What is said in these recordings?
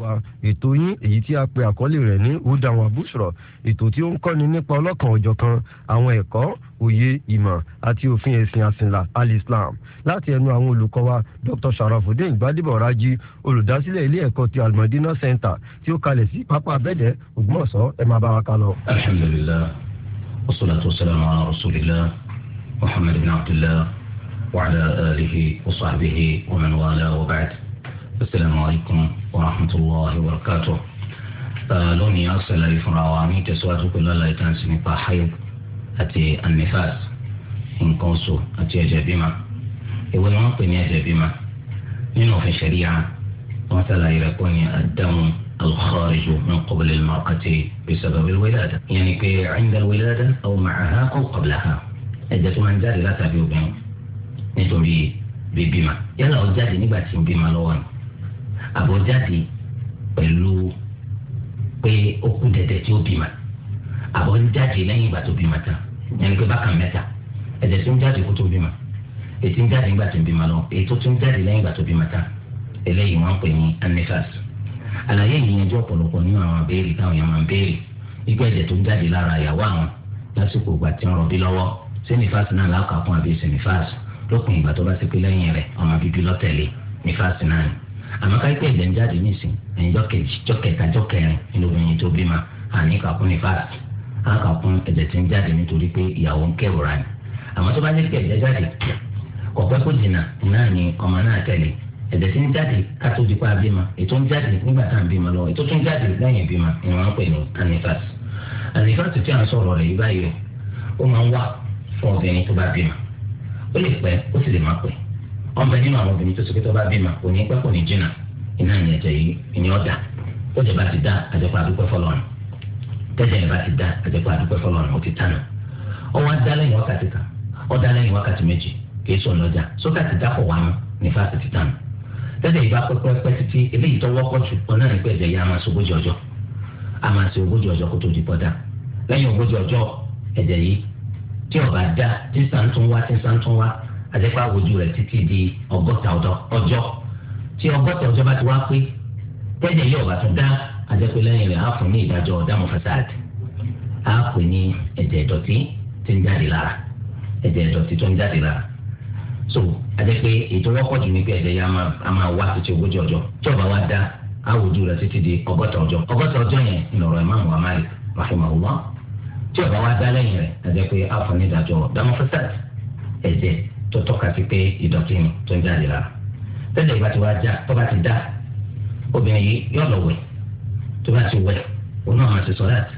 wa ètò yín èyí tí a pè àkọlé rẹ̀ ní udawa bushra ètò tí ó ń kọ́ni nípa ọlọ́kan ọ̀jọ̀kan àwọn ẹ̀kọ́ òye ìmọ̀ àti òfin ẹ̀sìn àsìnlá alislam láti ẹnu àwọn olùkọ́ wa dr sharafudin gbadebo raji olùdásílẹ̀ ilé ẹ̀kọ́ ti almadina center tí ó kalẹ̀ sí pápá abẹ́dẹ̀ ògbómọ̀ṣọ́ ẹ máa bá wa kálọ. alhamdulillah wasalaatu wasalaamu ala rasulillah muhammad bin abdullah wa ala alihi wa sahbihi wa man wala wa ba'd asalaamu alaykum wa rahmatulahi wa barakatuh uh, lónìí a ṣàlàyé fúnra wa ní ìtẹ̀síwájú pẹ̀lú àlàyé tá à ń sin nípa hayib àti anifas nǹkan oṣù àti ẹ̀jẹ̀ bímọ èwo ni wọ́n pè ní ẹ̀jẹ̀ bímọ nínú òfin ṣẹ̀ríya wọ́n ṣàlàyé rẹ̀ pé ní àdáhùn alxọ́rìjù min qabli al-mar'ati bisababi al-wilada ìyẹn ni pé inda al-wilada aw ma'aha aw qablaha ẹ̀jẹ̀ tó máa ń jáde látàbí obìnrin nítorí bíbímọ yálà ó jáde nígbà tí ń bímọ lọ́wọ́ ni àbọ̀jáde pẹ̀lú pé ó kú dẹ̀dẹ̀ tí ó bímọ àbọ̀jáde lẹ́yìn ìgbà tó bímọ tán yẹn pé bákan mẹ́ta ẹ̀jẹ̀ tó ń jáde kó tó bímọ ètò ń jáde nígbà tó ń bímọ lọ ètò tó ń jáde lẹ́yìn ìgbà tó bímọ tán eléyìí wọ́n ń pè ní anifas àlàyé yìí yẹn jẹ́ ọ̀pọ̀lọpọ̀ nínú àwọn abéèrè táwọn yẹn máa ń béèrè igbó ẹ̀jẹ̀ tó ń jáde lára ìyàwó àwọn lásìkò ìgbà tí ń rọbí lọ́wọ́ sinifas náà lákàkún àbí sinifas lópin ìgbà tó bá ti pé lẹ́yìn rẹ̀ ọmọ bíbí lọ́tẹ̀lé nifas náà ni àmọ́ ká pé ẹ̀jẹ̀ ń jáde nísìn ẹ̀jọ́ kejì jọ́ kẹta jọ́ kẹrin nínú obìnrin tó bímọ àní kàkún ní fara á kàkún ẹ̀jẹ̀ tí ń jáde nítorí pé ìyàwó ń kẹ́rọ̀ra ni àmọ́ tó bá ní ẹ̀jẹ̀ jáde kò pẹ́ kó jìnnà náà ni ọmọ náà tẹ̀lé ẹ̀jẹ̀ tí ń jáde ká tó di pa bímọ ètò ń jáde nígbà tá à ń bímọ lọ ètò tó jáde lẹ́yìn bímọ ni wọ́n ń pè ní anifas wọn bẹ nínú àwọn obìnrin tó so pé tó bá bímọ kò ní pẹ́ kò ní jìnnà iná ní ẹ̀jẹ̀ yìí ni ó dà ó jẹ bá ti dá àjẹpọ̀ àdúpẹ́ fọlọ́run tẹ́jẹ̀ yẹn bá ti dá àjẹpọ̀ àdúpẹ́ fọlọ́run ó ti tànà ó wá dá lẹ́yìn wákàtí kan ó dá lẹ́yìn wákàtí méjì kì í sọ lọ́jà sókà ti dákọ̀ wá mú ní fásitì tànà tẹ́jẹ̀ yìí bá pẹ́pẹ́pẹ́ títí eléyìí tó wọ́pọ̀ jù ọ̀nà ìpẹ́jẹ̀ yìí a máa àdẹ́pọ̀ àwòjú rẹ̀ títí di ọgọ́ta ọjọ́ tí ọgọ́ta ọjọ́ bá ti wá pé tẹ́jẹ̀ yóò bá tún dá àdẹ́pọ̀ lẹ́yìn rẹ̀ á fún ní ìdájọ́ ọ̀dàmú fasáàdì á pè ní ẹ̀jẹ̀ ìdọ̀tí tí ń jáde lára ẹ̀jẹ̀ ìdọ̀tí tó ń jáde lára so àdẹ́pọ̀ ètò wọ́pọ̀ jù ní pé ẹ̀jẹ̀ yà á máa wá títí ogójì ọjọ́ tí ọba wa dá àwòjú rẹ̀ títí di ọgọ́ta ọjọ́ ọgọ́ta ọjọ́ yẹn ìnọ̀rọ̀ ìmáàmù wa Malik rahimahullah tí ọba wa dá lẹ́yìn rẹ̀ àdẹ́pọ̀ á fún ní ìdájọ́ ọ̀dàmú tó tọ́ka sí pé ìdọ̀tí ni tó ń jáde lára tẹ́lẹ̀ ìbá ti wá já tó bá ti dá obìnrin yìí yọ̀ lọ wẹ̀ tó bá ti wẹ̀ òun náà máa ti sọ láti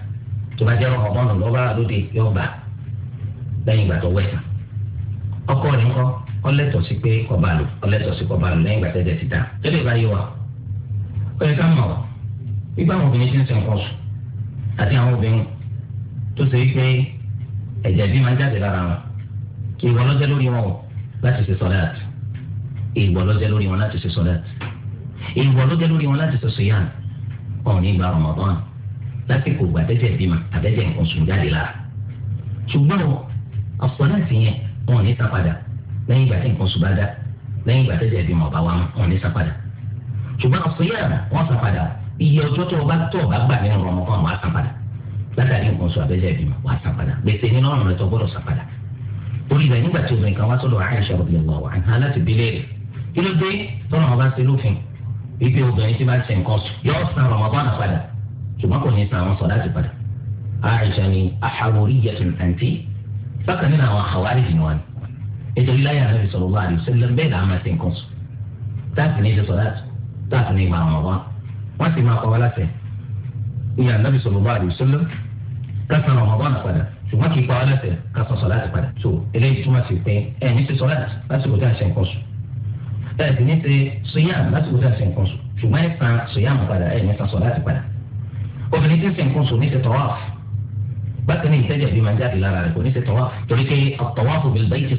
tó bá jẹ́ ọmọnù lọ́ba lóde yọ̀ gbà lẹ́yìn ìgbà tó wẹ̀ tán ọkọ rẹ̀ ńkọ́ ọlẹ́tọ̀ sí pé kọba lò ọlẹ́tọ̀ sí kọba lò lẹ́yìn ìgbà tẹ́lẹ̀ ti dá tẹ́lẹ̀ ìbá yé wa ó yẹ ká mọ̀ ọ́ àwọn obìnrin ti ń sin nǹkan sùn àti àwọn obìnrin tó ṣe wípé ẹ̀jẹ̀ bí máa ń jáde lára wọn kì í wọ́n lọ́jọ́ lórí wọn o láti ṣe sọláàtì èèwọ̀ ló jẹ́ lórí wọn láti ṣe sọláàtì èèwọ̀ ló jẹ́ lórí wọn láti ṣe sọyàn ọ̀hún ìgbà Ramadan lásìkò ìgbà tẹ́jẹ̀ bímọ àtẹ́jẹ̀ nǹkan sùn jáde lára ṣùgbọ́n àsọláàtì yẹn wọn ò ní sá padà lẹ́yìn ìgbà tí nǹkan sùn bá dá lẹ́yìn ìgbà tẹ́jẹ̀ bímọ ọ̀bá wa wọn ò ní sá padà ṣùgbọ́n àsọyàn wọn sá padà iye ọjọ́ tó bá tó o gbà nínú Ramadan wọn á sá padà látàrí nǹkan sùn àtẹ́jẹ̀ bímọ wọn á sá padà gbèsè nínú ọ̀rùn rẹ tó gbọ́dọ̀ sá padà orí rẹ̀ nígbà tí obìnrin kan wá sọ́dọ̀ Aisha radiyallahu anha láti bílẹ̀ rẹ̀ kí ló dé tọ́nà wọn bá ṣe lófin wípé obìnrin tí bá ṣe nǹkan sùn yóò san Ramadan padà ṣùgbọ́n kò ní san àwọn sọ̀dá ti padà Aisha ni ahawariyyatun anti bákan nínú àwọn àwárí jìnnà wọn nítorí láyé àná sallallahu alaihi wasallam bẹ́ẹ̀ làá máa ṣe nǹkan sùn táàtì ní ṣe sọ̀dá táàtì ní ìgbà Ramadan wọ́n sì máa ṣùgbọ́n kì í pa ọ́ lẹ́sẹ̀ ká sọ sọ̀lá ti padà tó eléyìí túmọ̀ sí pé ẹ̀ ní ti sọ̀lá lásìkò tá a ṣe nǹkan sùn ẹ̀ sì ní ti sọ̀yàm lásìkò tá a ṣe nǹkan sùn ṣùgbọ́n ẹ̀ san sọ̀yàm padà ẹ̀ ní san sọ̀lá ti padà obìnrin tí ń ṣe nǹkan sùn ní ti tọ́wáfù bákan ní ìtẹ́jẹ̀ bí máa ń jáde lára rẹ̀ kò ní ti tọ́wáfù torí pé at-tawafu bil-bayti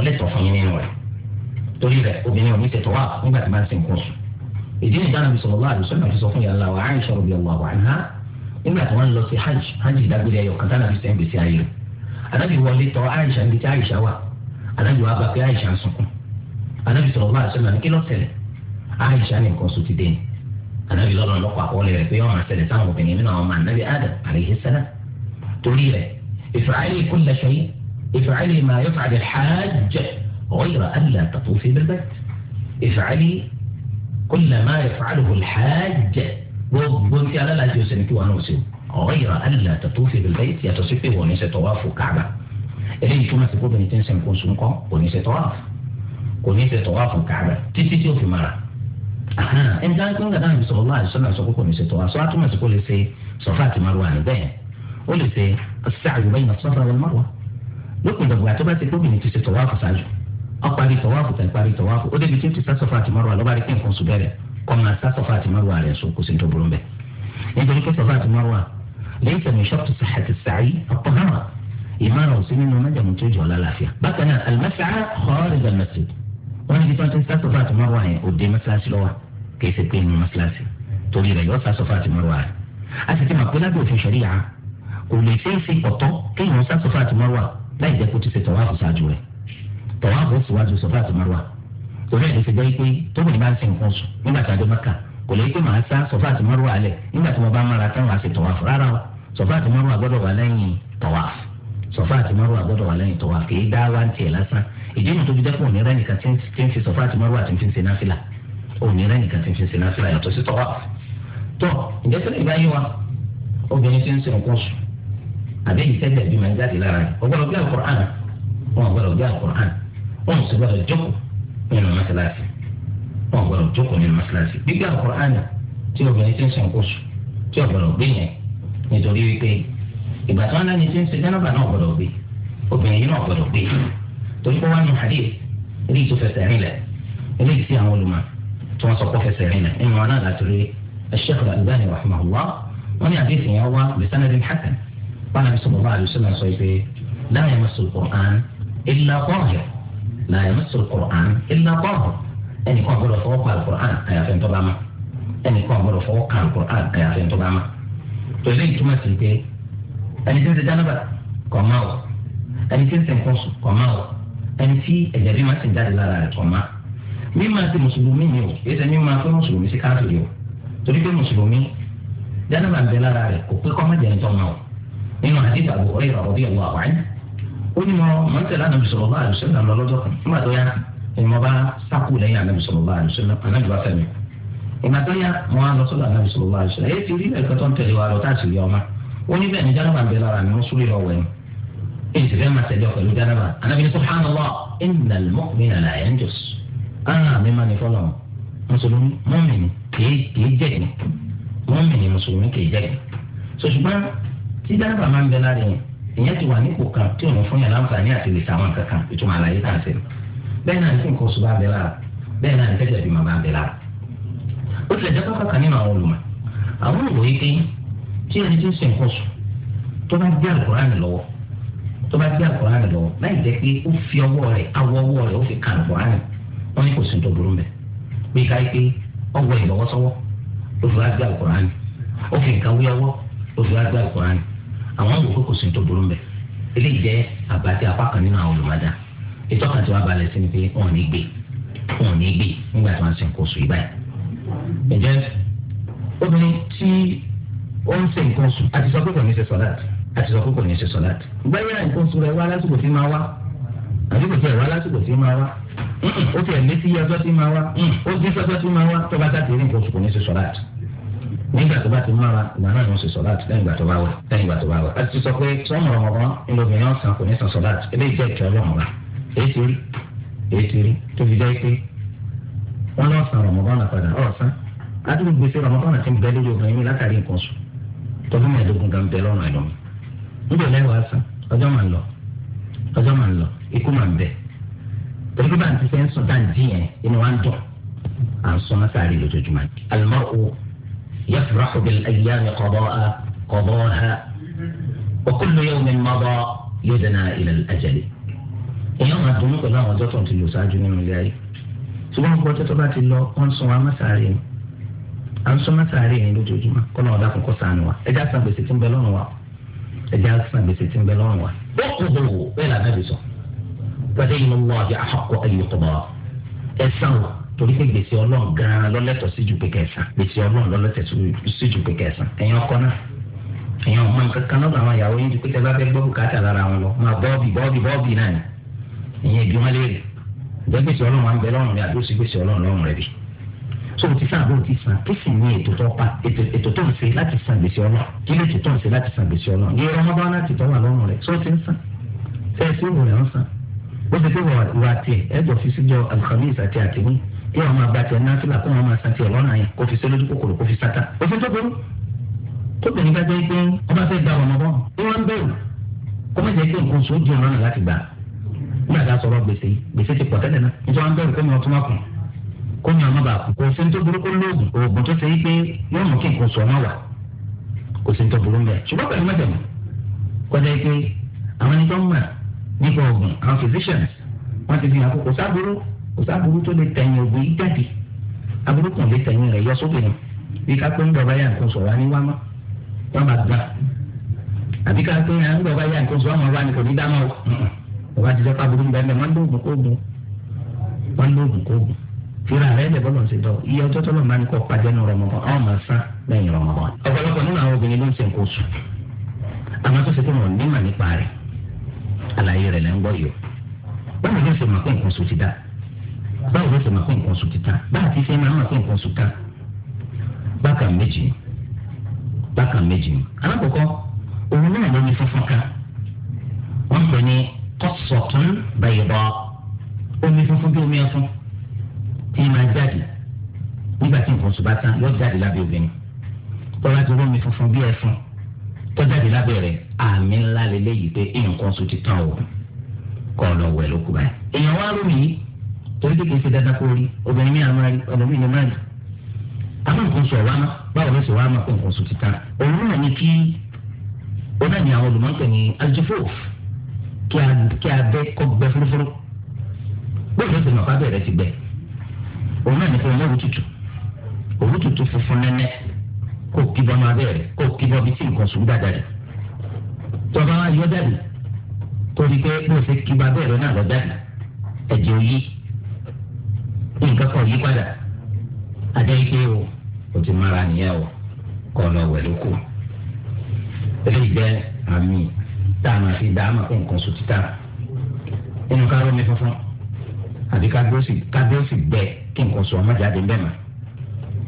ti màlúù torí rẹ̀ obìnrin òní tètè wà nígbà tí máa ń sìn kó sùn. ìdí ìdáná mi sọ̀rọ̀ láàdùn sọ́nà fi sọ fún yàrá wa Aisha radiyallahu anha nígbà tí wọ́n ń lọ sí hajj hajj ìdágbére ayọ̀ kan tánà fi sẹ́yìn gbèsè ayé rẹ̀. adájọ́ wọlé tọ́ Aisha níbi tí Aisha wà adájọ́ wa bá pé Aisha ń sunkún adájọ́ sọ̀rọ̀ láàdùn sọ́nà ní kí ló tẹ̀lé Aisha ní nǹkan sùn غير ألا تطوفي بالبيت افعلي كل ما يفعله الحاج وقلت على الله يسنك ونوسي غير ألا تطوفي بالبيت يتصفي ونسي طواف كعبة إلي يتونا في قبل تنسي مكون سنقا ونسي طواف ونسي طواف كعبة تسيتي في مرة أها إن كان كنت أدام بسم الله عليه وسلم سوف يكون نسي طواف سوف يكون سيقول سي صفات مروان بين قل سي السعي بين الصفر والمروة لكن دبوا عتبات الكوبي نتسي طواف سعجو ọparí tọwáfù tẹ parí tọwáfù ó débi tí ó ti sásọfà àti márùwà lọ́ba rí kí nǹkan sùn bẹ̀rẹ̀ kọ́ máa sásọfà àti márùwà rẹ̀ sùn kò sí tó burú bẹ́ẹ̀. nítorí pé sọfà àti márùwà lẹ́yìn tẹ̀mí ṣọ́ọ̀tù sàhàtì sàáyí ọ̀pọ̀ hàn ìmárùn ò sí nínú mẹ́jọ̀mú tó jọ lálàáfíà. bákan náà alimẹ́sàá kharij al-masjid wọ́n ní títí sásọfà àti márùwà yẹn òde mẹ́sàlásì sásọfà àti márùwà rẹ̀. a sì ti tọ̀wá bó síwájú sọ fáàtì márùwà torí ẹ̀ ló ti jẹ́ pé tóbi bá ń sin nǹkan sùn nígbà tá a dé mẹ́kà kò lè pé màá sá sọ fáàtì márùwà lẹ̀ nígbà tí mo bá mára táwọn àti tọ̀wá fún rárá o sọ fáàtì márùwà gbọ́dọ̀ wà lẹ́yìn tọ̀wá sọ fáàtì márùwà gbọ́dọ̀ wà lẹ́yìn tọ̀wá kì í dá wá ń tiẹ̀ lásán ìdí mi tó fi dẹ́kun òní rẹ́nìkan tí ń fi sọ fáàtì márùwà tí ń fi ń ṣe náfìlà wa obìnrin tí ń sin nǹkan sùn àbẹ́yìí sẹ́ni ẹ̀bí máa ń jáde lára rẹ̀ ọgbọ́dọ̀ wọn sì gbọ́dọ̀ jókòó nínú mọ́sálásí wọn gbọ́dọ̀ jókòó nínú mọ́sálásí gbígbé àkùránì tí obìnrin ti ń sàn kóso tí ọ̀gbọ̀dọ̀ gbé yẹn nítorí wípé ìgbà tí wọn lẹni ti ń ṣe jẹnaba náà gbọ́dọ̀ gbé obìnrin yìí náà gbọ́dọ̀ gbé torí pé wọn nù hadith eléyìí tó fẹsẹ̀ rìn lẹ̀ eléyìí tí àwọn olùmọ̀ tí wọn sọ pé fẹsẹ̀ rìn lẹ̀ nínú náà láti rí Sheikh la yamassul Qur'an illa tahir ẹnì kan gbọ́dọ̀ fọwọ́ kan Qur'an àyàfẹ́ ntọ́ bá ma ẹnì kan gbọ́dọ̀ fọwọ́ kan Qur'an àyàfẹ́ ntọ́ bá ma tòlẹ́ ìtumọ̀ sí pé ẹni tí ń ṣe jánábà kọ̀ máa wọ̀ ẹni tí ń ṣe nǹkan sùn kọ̀ máa wọ̀ ẹni tí ẹ̀jẹ̀ bí máa ti jáde lára rẹ̀ kọ̀ máa mímọ̀ àti mùsùlùmí ni o èsì ẹni máa fẹ́ mùsùlùmí sí káàkiri o torí pé mùsùlùmí jánábà ń bẹ lára rẹ̀ kò pé kọ́ ó ní mo mọ̀ ń tẹ̀lé ànábì sọ̀rọ̀ bá àdùsẹ́ náà lọ lọ́dọ̀ kan nígbà tó yá ni mo bá sákò lẹ́yìn ànábì sọ̀rọ̀ bá àdùsẹ́ náà ànábì bá fẹ́ mi ìgbà tó yá mo wá lọ sọ́dọ̀ ànábì sọ̀rọ̀ bá àdùsẹ́ èyí ti rí ẹ̀kọ́ tó ń tẹ̀lé wa lọ tá a sì rí ọmọ ó ní bẹ́ẹ̀ ni jánábà ń bẹ lára mi wọ́n súré lọ wẹ̀ èyí ti fẹ́ máa tẹ̀lé ọ pẹ̀lú jánábà ànábì ní subhanallah innal mu'mina la yanjus ah mi máa so ṣùgbọ́n tí jánábà máa ń ìyẹn ti wà nípò kan tí ò ní fún yàrá àǹfààní àti lè sàwọn kankan ìtumọ̀ àlàyé kan sí bẹ́ẹ̀ náà ní nǹkan oṣù bá bẹ lára bẹ́ẹ̀ náà ní tẹ́tẹ́ ìbímọ bá bẹ lára ó ti lè jẹ́ kọ́kọ́ kan nínú àwọn olùmọ̀ àwọn olùwòye pé tí ẹni tí ń sìn nǹkan oṣù tó bá gbé àkùránì lọ́wọ́ tó bá gbé lọ́wọ́ láì jẹ́ awọ ọwọ́ rẹ̀ ó fi kan àkùránì ní àwọn àwòkọ́ kò sí ní tó burú mbẹ eléyìí jẹ́ àbá tí apá kan nínú àwọn olùmọ̀dá ètò àwọn àti wàá balẹ̀ sí ni pé wọn ò ní gbé wọn ò ní gbé nígbà tí wọn sì ń kó sùn ibáyìí. ǹjẹ́ obìnrin tí ó ń ṣe nǹkan sùn àti sọ pé kò ní ṣe sọ̀láàtì àti sọ pé kò ní ṣe sọ̀láàtì. gbẹ́rẹ́ nǹkan sùn rẹ̀ wá lásìkò tí máa wá àti kò tiẹ̀ wá lásìkò tí máa wá ó tiẹ̀ létí ọjọ́ tí máa wá ó dín sọ́jọ́ tí máa wá tó bá dá nígbà tó bá ti mọ́ra ìgbà náà ló ń ṣe sọ́láàtì lẹ́yìn ìgbà tó bá wà lẹ́yìn ìgbà tó bá wà. a ti sọ pé sọ́mọ ọ̀rọ̀ ńlọbìnrin ọ̀sán kò ní san sọ́láàtì eléyìí jẹ́ ìkẹ́ ọlọ́run wa èyí ti rí èyí ti rí tó fi jẹ́ pé wọ́n lọ san rọ̀mọ́bọ́nà padà ọ̀sán adúlù gbèsè rọ̀mọ́bọ́nà ti ń bẹ lórí obìnrin mi látàrí nǹkan sùn tọdún mẹ́ẹ̀ẹ́dógún gan bẹ lọ́rùn àìlọ́ mi níbẹ̀ lẹ́wàá san ọjọ́ máa ń lọ ọjọ́ máa ń lọ ikú máa ń bẹ torí pé bá ń ti يفرح بالأيام قضاء قضاها وكل يوم مضى يدنا إلى الأجل إيام الدنيا قضاء وزوطة أنت اللي ساجني من جاي سبحان الله تتبات الله أنصوا ما سارين أنصوا ما سارين إنه جوجما كل ما داخل قصانوا إجاسنا بستين بلونوا إجاسنا بستين بلونوا وقضوا إلى نبسه فدين الله أحق أن يقضى السنوة torí pé gbèsè ọlọ́run gan-an lọ́lẹ́tọ̀ sí ju pé kẹsàn gbèsè ọlọ́run lọ́lẹ́tọ̀ sí ju pé kẹsàn ẹ̀yin ọkọ náà ẹ̀yin ọmọ nǹkan kan lọ́dọ̀ àwọn ìyàwó yín ju pé tẹ bá fẹ́ gbọ́ bùkátà lára wọn lọ máa bọ́ọ̀bì bọ́ọ̀bì bọ́ọ̀bì náà ni ìyẹn ìbí wọn léèrè ǹjẹ́ gbèsè ọlọ́run wa ń bẹ lọ́rùn rẹ àbí ó sì gbèsè ọlọ́run lọ́rùn rẹ bí so ti san àbí o ti san kí sì ní ètò tó pa ètò tó ń ṣe láti san gbèsè ọlọ́run kí ló ètò tó ń ṣe láti san gbèsè ọlọ́run ní ọmọdé wọn láti tọ́wọ́ àlọ́run rẹ so ti ń san ṣe é sí ìwòrán san ó ti pé wà tiẹ̀ ẹ̀jọ̀ fi síjọ alhamis àti àtìmí kí wọn máa gba tiẹ̀ náà sílà kó wọn máa san tiẹ̀ lọ́nà yẹn kó fi ṣe lójú kòkòrò kó fi sátà kó fi tó burú tó bẹ̀rẹ̀ bá jẹ́ pé ọba fẹ́ gba ọmọ bọ́ ó wá ń bẹ̀rù kó má jẹ́ pé nǹkan oṣù di ọ̀ràn láti gbà nígbà tá a sọ̀rọ̀ gbèsè gbèsè ti pọ̀ tẹ́lẹ̀ náà nítorí wọn bẹ̀rù kó ní ọtún mákùn kó ní ọmọ bá kù kò sí ní tó burú kó lóògùn oògùn tó ṣe yí pé yóò mú kí nǹkan oṣù ọmọ wà kò sí ní tó burú ń bẹ̀ ṣùgbọ́n pẹ̀lú mẹ́tẹ̀mú kọjá pé àwọn ẹni tó ń kò sábúrú tó lè tẹ̀yìn ògbé yìí jáde aburú kan lè tẹ̀yìn rẹ̀ yọ sókè ni bí kápẹ́ ń bàbá yà nǹkan sọ̀rọ̀ ní wámọ́ wọ́n máa gbà àbí kápẹ́ ń bàbá yà nǹkan sọ̀rọ̀ wọn wá ní kò ní dáná o bàbá ti sọ́kà burú bẹ́ẹ̀ wọ́n lóògùn kó gùn wọ́n lóògùn kó gùn fira rẹ̀ lẹ̀ bọ́lọ̀ ṣe dọ̀ iye ọjọ́ tó lọ́ máa ní kọ́ pàdánù rọmọbọ̀n ọ̀hún máa sán lẹ́yìn rọmọbọ̀n ọ̀pọ̀lọpọ̀ nínú àwọn obìnrin ló ń ṣe nǹkan oṣù àmọ́ tó ṣe pé wọn ò ní mà nípa rẹ̀ àlàyé rẹ̀ lẹ́ báwo ló ṣe máa kó nǹkan sùn títà báà ti ṣe máa máa kó nǹkan sùn ká bákan méjì bákan méjì alákọ̀ọ́kọ́ òun náà ló ní fọ́fọ́ ká wọ́n pè ní kọ́sọ̀tún bẹ̀yẹ̀bọ̀ omi funfun bí omi ọ̀sán tí máa jáde nígbà tí nǹkan sùn bá tán yóò jáde lábẹ́ obìnrin tọ́lá ti rómi funfun bí ẹ̀fọn tó jáde lábẹ́ rẹ̀ àmì ńlá lélẹ́yìí pé nǹkan sùn ti tán o kọ́ ọ lọ wẹ̀ lókùbá èèyàn wá lómi yìí torí pé kì í ṣe dandan kó rí obìnrin mi àmọ́ rí ọlọ́mí ni má rí. akókò sọ wa báwo ló sọ wa máa kó nǹkan oṣù títà òun náà ni kí òun ni àwọn olùmọ̀ọ́kẹ́ ni aljufuf kí abẹ́ kọ́ gbẹ fúrúfúrú bóyá ó sì mọ̀ fábẹ́ rẹ ti gbẹ òun náà ni kí ọlọ́run tutù òwú tutù funfun nẹ́nẹ́ kó kí bọ́ máa bẹ̀rẹ̀ kó kí bọ́ bí tí nǹkan oṣù dáadáa rẹ̀ tọ́ba wa yọ jáde torí pé bó nǹkan kan yí padà adéyíké o o ti mara nìyẹn o kọ lọ wẹ̀ ló kù eléyìí jẹ́ àmì tá a máa fi dá a máa kó nǹkan sùn títà inú ká rọ́ mi fọ́fọ́ àbí kábíọ́sì gbẹ kí nǹkan sùn ọmọ jáde bẹ́ẹ̀ mà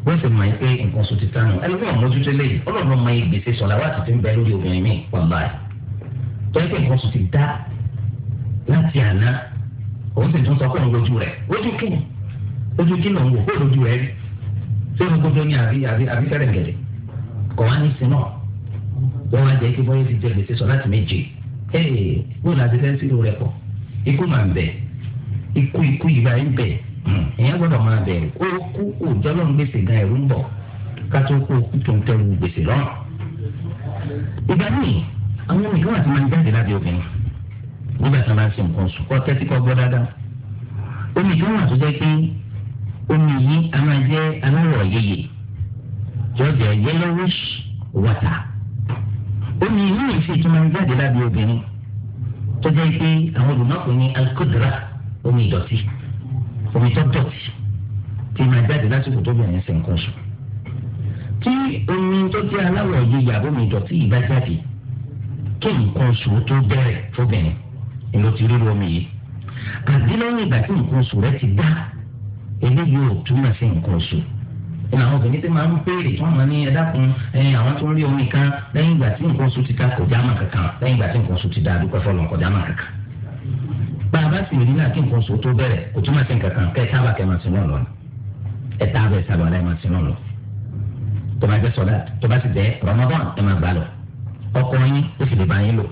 wọ́n sì máa pé nǹkan sùn títà nù ẹlẹ́gbọ́n mójútó eléyìí ọlọ́run máa ń gbèsè sọ̀lá wà títí ń bẹ lórí obìnrin mi wàláì tọ́jú pé nǹkan sùn ti dá láti àná òun sì tún sọ pé òun lójú rẹ̀ lójú kíni ojú kí lòun wò kó lójú rẹ rí sórí kótó ní àbí àbí àbí fẹ́rẹ̀ gẹ̀rẹ̀ kọ̀ wá ní sin náà wọ́n wá jẹ́ kí bọ́yé ti jẹ gbèsè sọ láti méje ẹ̀ẹ́ bóun àti fẹ́ǹsì ló rẹ̀ pọ̀ ikú máa ń bẹ̀ ikú ikú yìí máa ń bẹ̀ hmm, èèyàn gbọ́dọ̀ máa bẹ̀ kó kú òòjọ́ lọ́n gbèsè gan ẹ̀rú ń bọ̀ ká tó kó kú tó ń tẹ́lu gbèsè lọ́rùn. ìgbà míì àwọn ọmọ ìlú àti máa ń jáde lábẹ́ obìnrin nígbà tí wọ́n bá ń ṣe nǹkan sùn kọ́ tẹ́tí kọ́ gbọ́ dáadáa omi ìjọba àtúnjẹ́ pé omi yìí a máa jẹ́ aláwọ̀ yeye jọjọ yellowish water omi yìí fi tún máa ń jáde lábẹ́ obìnrin tó jẹ́ pé àwọn olùmọ̀kùn ní alikodra omi ìdọ̀tí omi tó dọ̀tí tí máa jáde lásìkò tó bẹ̀rẹ̀ ṣe nǹkan sùn tí omi tó jẹ́ aláwọ̀ yeye àbomi ìdọ̀tí yìí bá jáde kí nǹkan sùn tó bẹ̀rẹ̀ fóbìnrin ni ló ti rí omi yìí àdínlẹ́yìn ìgbà tí nǹkan sùn rẹ ti dá eléyìí ò túmọ̀ sí nǹkan oṣù ìnà àwọn obìnrin tí máa ń béèrè tí wọ́n máa ní ẹ̀dákun àwọn tó ń rí omi kan lẹ́yìn ìgbà tí nǹkan oṣù ti ta kò jámà kankan lẹ́yìn ìgbà tí nǹkan oṣù ti da àdúgbò fọlọ́ kò jámà kankan. bá a bá sì rí náà kí nǹkan oṣù tó bẹ̀rẹ̀ kò túmọ̀ sí kankan kẹ́ ẹ sábà kẹ́ máa sin náà lọ ẹ tábà ẹ sábà láì máa sin Ramadan ẹ máa gbà lọ ọkọ yín ó sì lè bá yín lò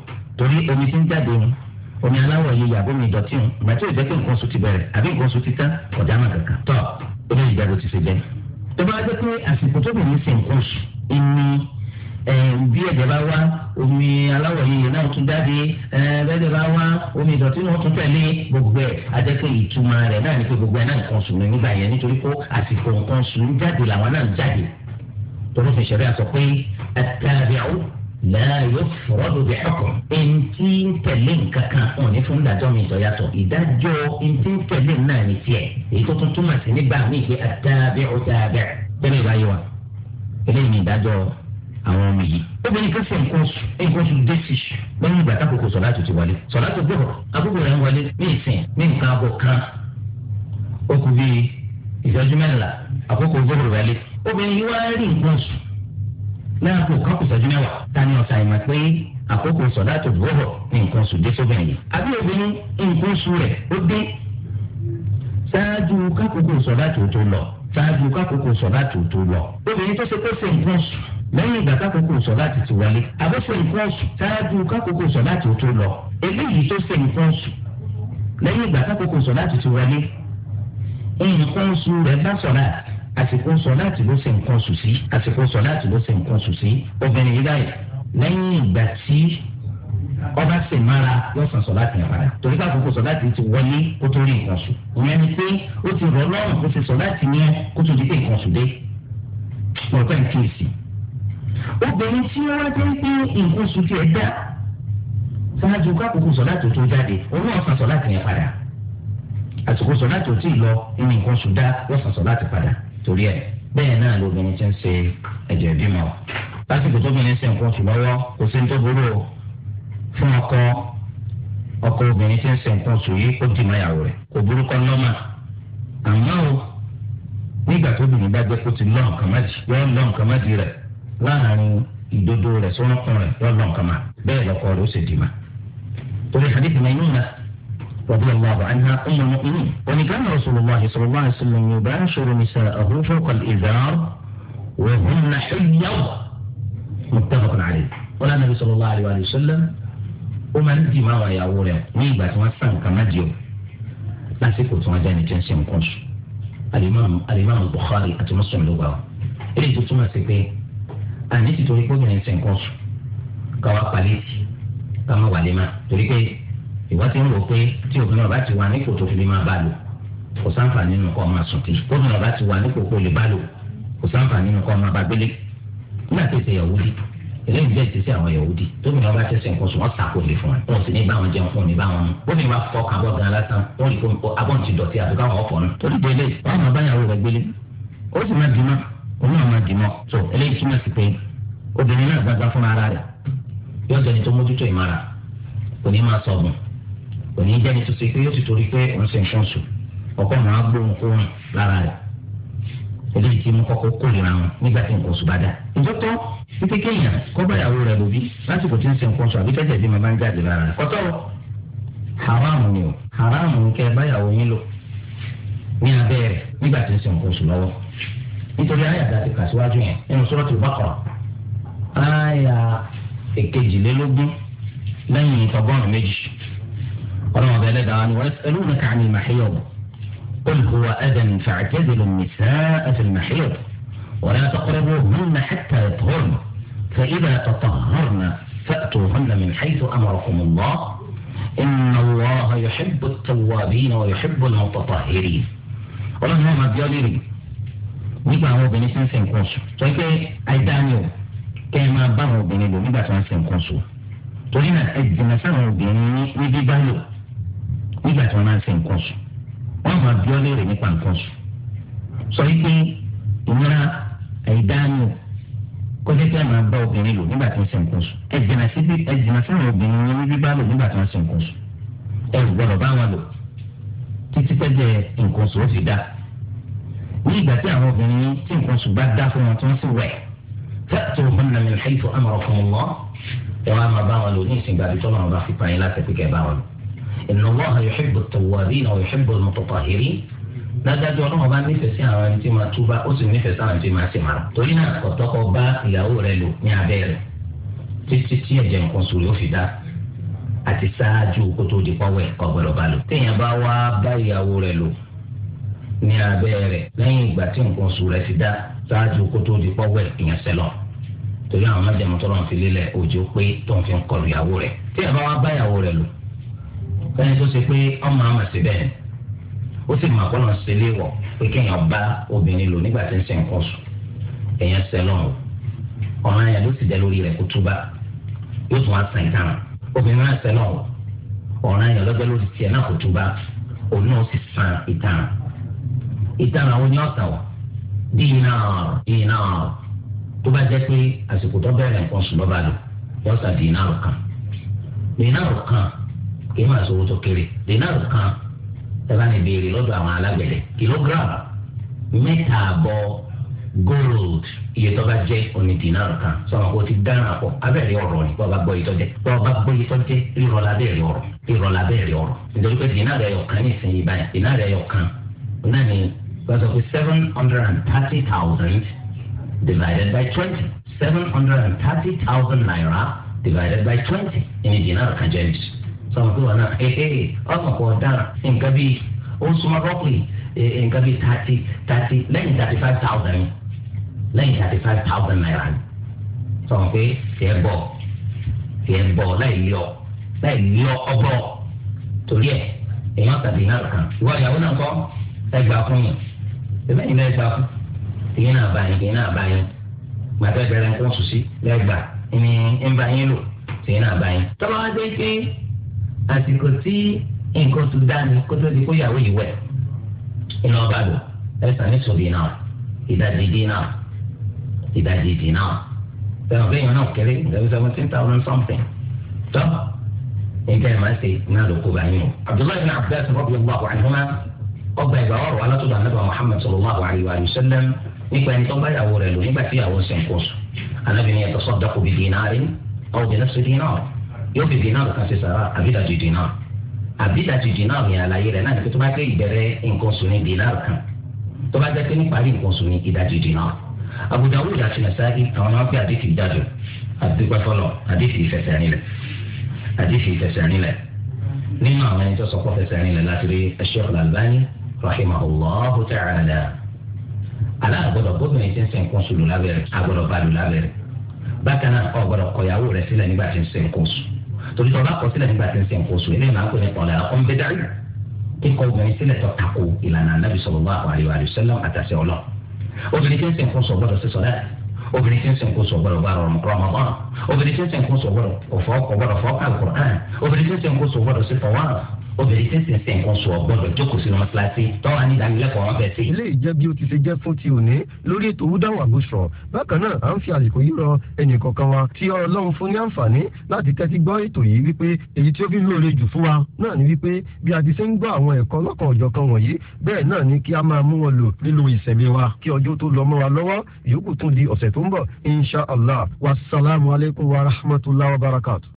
omi aláwọ̀ yìí yàgò mi dọ̀tí o ìgbà tí o jẹ́ kí nǹkan oṣù ti bẹ̀rẹ̀ àbí nǹkan oṣù ti tán ọ̀já náà kankan tọ́ o lè yàgò ti ṣe jẹ́. tó bá jẹ́ pé àsìkò tó bẹ̀rẹ̀ ṣe nǹkan oṣù ìní bí ẹ̀jẹ̀ bá wá omi aláwọ̀ yìí náà tún jáde bẹ́ẹ̀ bá wá omi ìdọ̀tí náà tún tẹ̀lé gbogbo ẹ̀ ajẹ́ pé ìtumọ̀ rẹ̀ náà ni pé gbogbo ẹ̀ náà nǹkan oṣù nígbà yẹn nítorí pé àsìkò nǹkan oṣù ń jáde làwọn náà ń jáde torí fi ṣẹ̀rí àsọ pé ẹ̀ tẹ́ àbí láà yóò fọ̀rọ̀ lóbi ẹ̀kọ́. Ẹ̀ǹtí ń tẹ̀lé nǹkan kan wọn ní fún ìdájọ́ mi ìtọ́ yàtọ̀. Ìdájọ́ ẹ̀ǹtí ń tẹ̀lé náà ní tiẹ̀. Èyí tó tún túmọ̀ sí nígbà míì pé àtàbẹ̀ ọ̀tàbẹ̀ bẹ́ẹ̀ bá yẹ wa. Eléyìí ni ìdájọ́ àwọn ọmọ yìí. Obìnrin kan ṣe nǹkan oṣù nǹkan oṣù déṣì lẹ́yìn ìgbà tákòókò sọ̀láàtò ti wọlé. Sọ̀láàtò gbọ̀ àkókò láàbò kan kò sọ́jú mẹ́wàá tani ọ̀sà ìmọ̀ pé àkókò sọ̀dá tó gbọ́dọ̀ ní nǹkan oṣù dé sóbìnrin yìí. àbí obìnrin nǹkan oṣù rẹ̀ ó dé ṣáájú kákòókò sọ̀dá tó tó lọ ṣáájú kákòókò sọ̀dá tó tó lọ. obìnrin tó ṣe kó ṣe nǹkan oṣù lẹ́yìn ìgbà kákòókò sọ̀dá ti ti wọlé. àbẹ́sẹ̀ nǹkan oṣù ṣáájú kákòókò sọ̀dá tó tó lọ. eléyìí tó ṣe nǹkan oṣù lẹ́yìn ìgbà kákòókò sọ̀dá ti ti wọlé. nǹkan oṣù rẹ̀ bá sọ̀dá àsìkò sọláàtì ló ṣe nǹkan sùn sí àsìkò sọláàtì ló ṣe nǹkan sùn sí obìnrin yìí báyìí lẹ́yìn ìgbà tí ọba ṣe mára yóò san sọláàtì yẹn padà torí ká àkókò sọláàtì ti wọlé kó tó rí nǹkan sùn ìyẹn ni pé ó ti rọ lọ́rùn kó ṣe sọláàtì yẹn kó tó di pé nǹkan sùn dé ọ̀pẹ́ ń kíyèsí. obìnrin tí wọ́n ti ń pín nǹkan sùn ti ẹ̀ dá ṣáájú ká àkókò sọláàtì tó jáde òun náà sọláàtì yẹn padà àsìkò sọláàtì ò tí ì lọ ìní nǹkan sùn dá yóò san sọláàtì padà torí ẹ̀ bẹ́ẹ̀ náà lóbìnrin ti ń ṣe ẹ̀jẹ̀ bímọ lásìkò tóbìnrin ṣe nǹkan oṣù lọ́wọ́ kò sí ní tó burú o fún ọkọ ọkọ obìnrin ti ń ṣe nǹkan oṣù yìí kó dì mọ́ ìyàwó rẹ̀ kò burú kọ́ lọ́mà àmọ́ o nígbà tóbìnrin bá jẹ́ kó ti lọ́ nǹkan májì yọ lọ́ nǹkan májì rẹ̀ láàárín ìdodo rẹ̀ sọ́nùkùn rẹ̀ yọ lọ́ nǹkan má bẹ́ẹ̀ lọ́kọ rẹ̀ ó sì dì má torí hadith Maimuna رضي الله عنها أم المؤمنين وإن رسول الله صلى الله عليه وسلم يباشر نساءه فوق الإزار وهن حيض متفق عليه ولا النبي صلى الله عليه وسلم وما ندي ما ويا ولا نيبا توسان كما جيو لا سيكو توجاني جنسي مكونش الإمام الإمام البخاري أتمسلم لغة إلي تتما سيكي أنا نتي توريكو جنسي مكونش كوا باليتي كما ولما توريكو ìwọ ti ń wò pé tí obìnrin ọba ti wà nípò tó fi lè máa bá lò kò sáǹfà nínú kọ́ máa sùn tí obìnrin ọba ti wà nípò kó lè bá lò kò sáǹfà nínú kọ́ máa bá gbélé nígbà tí èsè yahudi eléyìí jẹ́ ìṣesí àwọn yahudi tóbi náà bá tẹ̀sẹ̀ nǹkan sùn wọ́n sàkó lè fún wọn wọn sì ní báwọn jẹun fún ní báwọn mu ó ní bá fọ kábọ̀ gan lásán wọn lè fún abọ́n ti dọ̀tí àti káwọn ọ̀fọ̀ ni tó mójútó ìmọ̀ràn kò ní òní jẹ́ni tó ṣe pé yóò ti torí pé wọ́n ṣe nǹkan sùn ọkọ máa gbóhùn kóhùn lára rẹ̀ eléyìí tí mo kọ́kọ́ kórìíra wọn nígbà tí nǹkan sùn bá dà ìjọ́tọ́ wípé kéèyàn kọ́ báyàwó rẹ̀ lóbi lásìkò tí ń ṣe nǹkan sùn àbí tẹ́jẹ̀ bí máa ń jáde lára rẹ̀ kọ́tọ́ haramu ni o haramu ni kẹ́ báyàwó yín lò ní abẹ́ rẹ̀ nígbà tí ń ṣe nǹkan sùn lọ́wọ́ nítorí àyàdá ti kà síwájú yẹn nínú Suratul Baqara àyà èkejìlélógún lẹ́yìn ìtọ́gọ́rùn-ún méjì روى بلدان ويسألونك عن المحيض قل هو أذى فاعتزلوا النساء في المحيض ولا تقربوهن حتى يطهرن فإذا تطهرن فأتوهن من حيث أمركم الله إن الله يحب التوابين ويحب المتطهرين ولم هو مديالي نيكا هو بنسين سنكونسو طيب أي دانيو كما بره بنيبو نيكا سنكونسو طيب أجنسان هو بنيبو nígbà tí wọ́n máa ń ṣe nǹkan sùn wọ́n máa bí ọ́ léèrè nípa nǹkan sùn sọ yìí pé ìnira àìdáàánú kọjá kí a máa bá obìnrin lò nígbà tí wọ́n ṣe nǹkan sùn ẹ jìnnà sí bí ẹ jìnnà sí àwọn obìnrin wọn níbí bá lò nígbà tí wọ́n ṣe nǹkan sùn ẹ ò gbọ́dọ̀ bá wọn lò títí pẹ́jẹ nǹkan sùn ó fi dá ní ìgbà tí àwọn obìnrin tí nǹkan sùn bá dá fún wọn tí wọ́n sì wẹ̀ fẹ́ẹ̀tọ̀ fún mi nàmi ìhàyè fún fún wọn ẹ wá máa bá wọn lò ní ìsìn inna Allaha yuhibbu at-tawwabin wa yuhibbu al-mutatahhirin dájájú ọlọ́run bá nífẹ̀ẹ́ sí àwọn ẹni tí máa túbá ó sì nífẹ̀ẹ́ sí àwọn ẹni tí máa sì máa. torí náà ọ̀tọ́kọ bá ìyàwó rẹ lò ní abẹ́ rẹ̀ títí tí ẹ̀jẹ̀ nǹkan sùn yóò fi dá àti ṣáájú kó tó di pọ́wẹ́ ọ̀gbọ̀dọ̀ bá lò. téèyàn bá wá bá ìyàwó rẹ lò ní abẹ́ rẹ̀ lẹ́yìn ìgbà tí nǹkan sùn rẹ̀ ti dá ṣáájú kó tó di pọ́wẹ́ ìyẹn sẹ́lọ̀ torí àwọn májèmọ́tọ́ fẹ́ni tó ṣe pé ọmọ àmà sí bẹ́ẹ̀ ó sì máa kọ́nà sí ilé wọ̀ pé kéèyàn bá obìnrin lò nígbà tí ń ṣe nǹkan sùn èèyàn sẹ́lọ̀ ọ̀ràn yẹn ló sì jẹ́ lórí rẹ̀ kó túbà yóò tún wá sàn ìtàn obìnrin náà sẹ́lọ̀ ọ̀ràn yẹn lọ́jọ́ lórí tiẹ̀ náà kó túbà òun náà sì sàn ìtàn ìtàn àwọn oní ọ̀sán wọ̀ dínà dínà tó bá jẹ́ pé àsìkò tó bẹ̀rẹ̀ nǹkan sùn lọ́ba lò yọ̀ọ́sà kì í máa sọ owó tó kéré dínárù kan tẹ́lá ní ìbéèrè lọ́dọ̀ àwọn alágbẹ̀dẹ kìlógíráàmù mẹ́ta àbọ̀ gold iye tó bá jẹ́ oní dínárù kan sọ̀rọ̀ kó ti dáná pọ̀ abẹ́rẹ́ ọ̀rọ̀ ni bọ́ọ̀ bá gbọ́ iye tó jẹ́ bọ́ọ̀ bá gbọ́ iye tó jẹ́ rírọ̀ lábẹ́rẹ́ ọ̀rọ̀ rírọ̀ lábẹ́rẹ́ ọ̀rọ̀ nítorí pé dínárù ẹyọ kan ní ìsinyìí báyà dínárù ẹyọ kan náà ni wọ́n sọ pé seven hundred and thirty thousand divided by twenty seven hundred and thirty thousand naira divided by twenty ìní dínárù kan jẹ́ nìyí sọ̀rọ̀ pé wọn náà ẹ̀ẹ́ ọkàn kò dára nǹkan bíi ó ń súnmọ́ rọ́pì eh, eh, nǹkan bíi thirty thirty lẹ́yìn thirty five thousand ni lẹ́yìn thirty five thousand naira ni sọ̀rọ̀ pé tiẹ̀ bọ̀ tiẹ̀ bọ̀ láì lé ọ láì lé ọ ọbọ̀ torí ẹ̀ èèyàn tàbí náà kàn ìwọ ìyàwó náà kọ́ ẹgbàá fún yìí ẹgbẹ́ yìí náà ẹgbàá fún ìyẹn náà bá yín ìyẹn náà bá yín gbàtẹ́ bẹ̀rẹ̀ nǹkan oṣù sí lẹ́gbàá ìní ń bá yín lò ìyẹn náà bá yín. tọ́lá wá dé pé àsìkò tí nǹkan tó dání kó tó di kó yàwó yìí wẹ̀ iná ọba lò ẹ̀sán ní sòbí náà ìdajì dín náà ìdajì dín náà bẹ́ẹ̀ ọ̀bẹ yẹn náà kéré ìdajì seventeen thousand something tọ́ nǹkan ẹ̀ máa ṣe náà ló kó bá yín o. abdullahi bin abdullahi sọ̀rọ̀ bí wàhùn àyùmá ọgbà ìgbà ọ̀rọ̀ alátọ̀dọ̀ anábà muhammad sallallahu alayhi wa sallam nípa ẹni tó bá yàwó rẹ̀ lò nígbà tí yàwó sẹ̀ ń kó sùn anábìnrin yẹn tó sọ̀dọ̀ kò bí dínárì ọ̀ náà sọ dínárì yóò fi dinar kan ṣe sàrà àbídàjì dinar àbídàjì dinar mi àlàyé rẹ̀ náà ni pé tó bá jẹ́ ìbẹ̀rẹ̀ nǹkan sùn ní dinar kan tó bá jẹ́ pé níparí nǹkan sùn ní ìdajì dinar Abu Dawud àti Nasa'i àwọn máa ń pè àdéhì ìdájọ àdúgbò fọlọ àdéhì ìfẹsẹ̀rinlẹ̀ àdéhì ìfẹsẹ̀rinlẹ̀ nínú àwọn ẹni tó sọ fọ́ fẹsẹ̀rinlẹ̀ láti rí Sheikh Al-Albani rahimahullahu ta'ala aláàgbọ̀dọ̀ gómìnà ti ń sẹ́ nǹkan sùn lù lábẹ́rẹ́ bá lù lábẹ́rẹ́ bákan náà ọ̀gbọ̀dọ̀ kọ̀yàwó rẹ̀ sílẹ̀ nígbà tí ń sẹ́ nǹkan sùn torí sọ bá kọ sílẹ̀ nígbà tí ń sìn kó so ilé ìmọ̀ àkọ́ni tọ̀lẹ̀ ọ̀n bẹ́ẹ̀ dárí kíkọ obìnrin sílẹ̀ tó tako ìlànà anábì sallallahu alaihi wa sallam àtàṣe ọlọ́ obìnrin tí ń sìn kó so gbọ́dọ̀ sí sọ̀lẹ́ obìnrin tí ń sìn kó so gbọ́dọ̀ bá rọrùn rọmọbọ́n obìnrin tí ń sìn kó so gbọ́dọ̀ fọ́ obìnrin tí ń sìn sìn nǹkan sùn ọgbọ́dọ̀ jókòó sínú mọ́ṣáláṣí tọ́wọ́ ní ìdánilẹ́kọ̀ọ́ wọn sí. ilé ìjẹ́ o ti ṣe jẹ́ fún ti òní lórí ètò wúdáwà bó sọ bákan náà à ń fi àsìkò yìí rọ ẹnì kọ̀ọ̀kan wa tí ọlọ́run fún ní àǹfààní láti tẹ́tí gbọ́ ètò yìí wípé èyí tí ó fi lóore jù fún wa náà ni wípé bí a ti ṣe ń gbọ́ àwọn ẹ̀kọ́ lọ́kàn